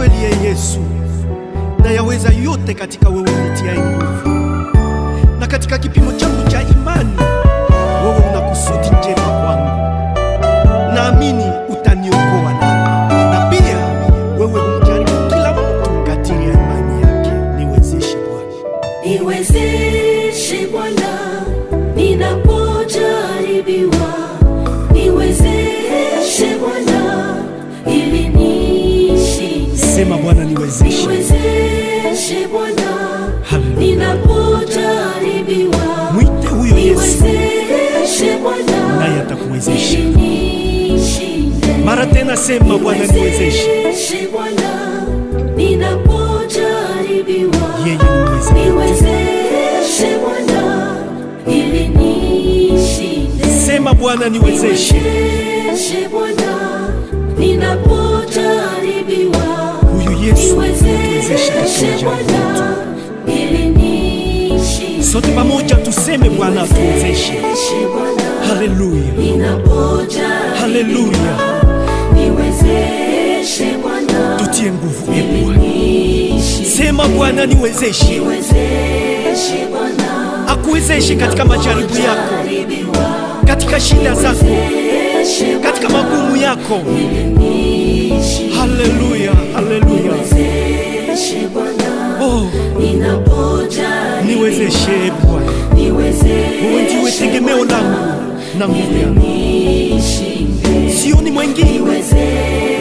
kweli ya Yesu na yaweza yote katika wewe unitiaye nguvu na katika kipimo changu cha Sema Bwana niwezeshe, niwezeshe Bwana ninapojaribiwa. Mwite huyo Yesu naye atakuwezesha. Mara tena sema Bwana niwezeshe, yeye niwezeshe. Sema Bwana niwezeshe kutuwezesha katika jambo letu. Sote pamoja tuseme Bwana atuwezeshe. Haleluya, haleluya, tutie nguvu e Bwana. Sema Bwana niwezeshe. Akuwezeshe katika majaribu yako, katika shida zako, katika magumu yako. Haleluya, haleluya niwezeshe Bwana, oh. uwe tegemeo langu na nguvu yangu, sioni mwengine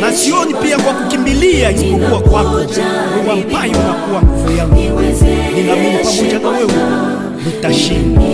na sioni pia kwa kukimbilia isipokuwa kwako, uwampayo na kuwa nguvu yangu. Ninaamini pamoja na wewe nitashinda.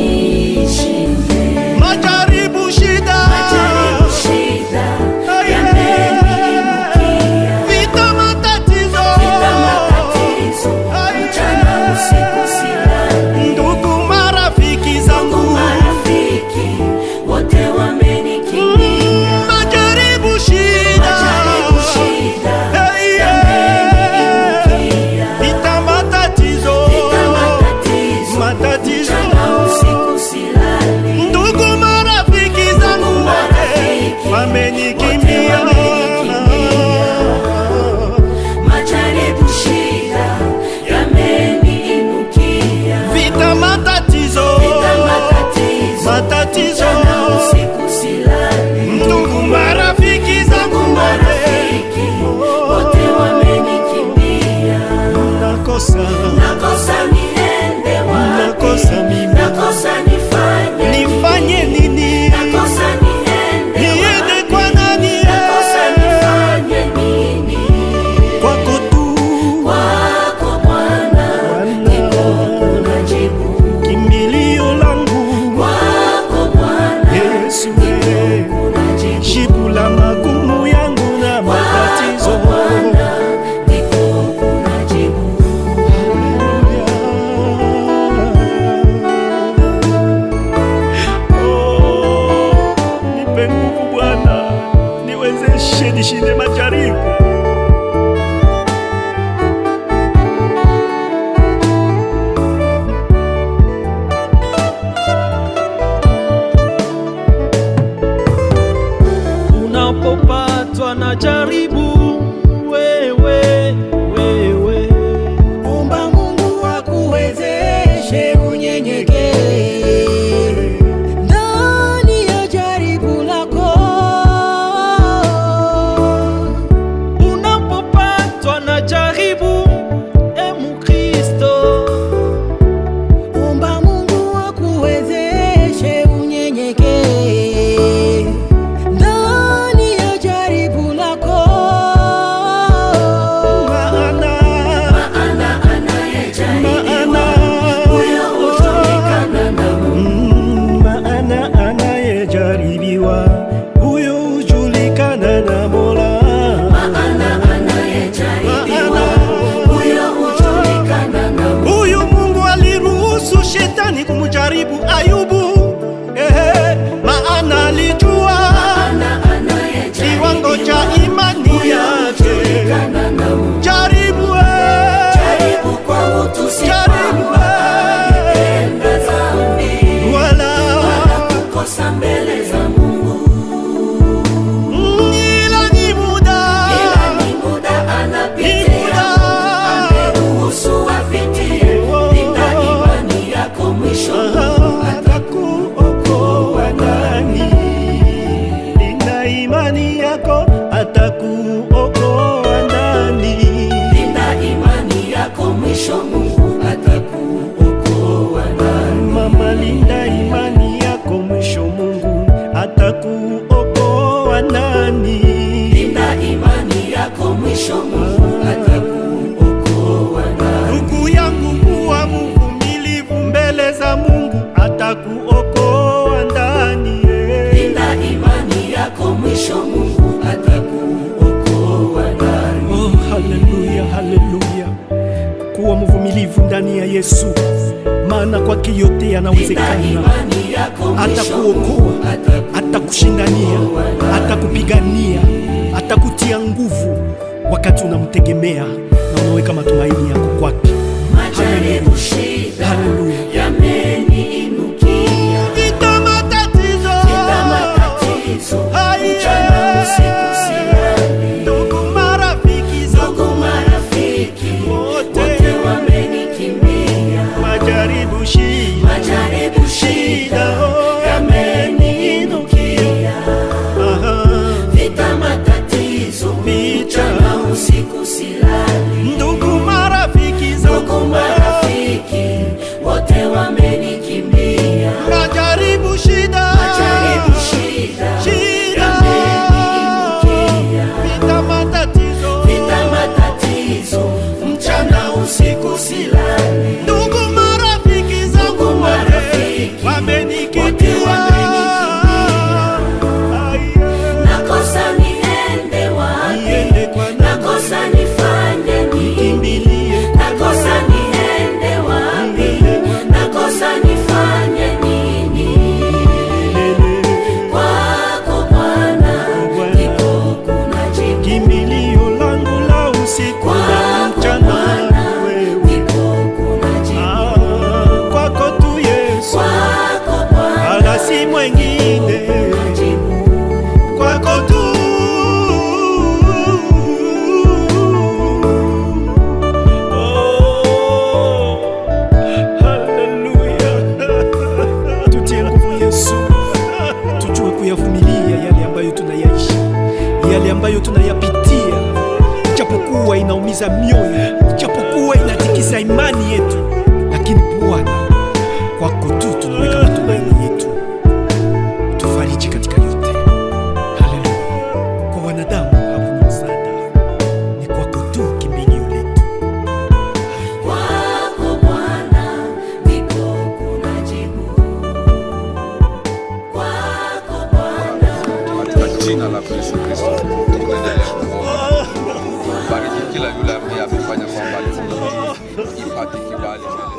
cari huyo hujulikana na Yesu, maana kwake yote anawezekana. Atakuokoa, atakushindania, atakupigania, atakutia nguvu wakati unamtegemea na unaweka matumaini yako kwake. Haleluya. kutikisa mioyo, japokuwa inatikisa imani yetu, lakini Bwana, kwako tu tunaweka matumaini yetu. Tufariji katika yote. Haleluya! Kwa wanadamu hakuna msaada, ni kwako tu kimbilio letu. Kwako Bwana ndiko kuna jibu, kwako Bwana, kwa jina la Yesu Kristo. Kila yule you, guys.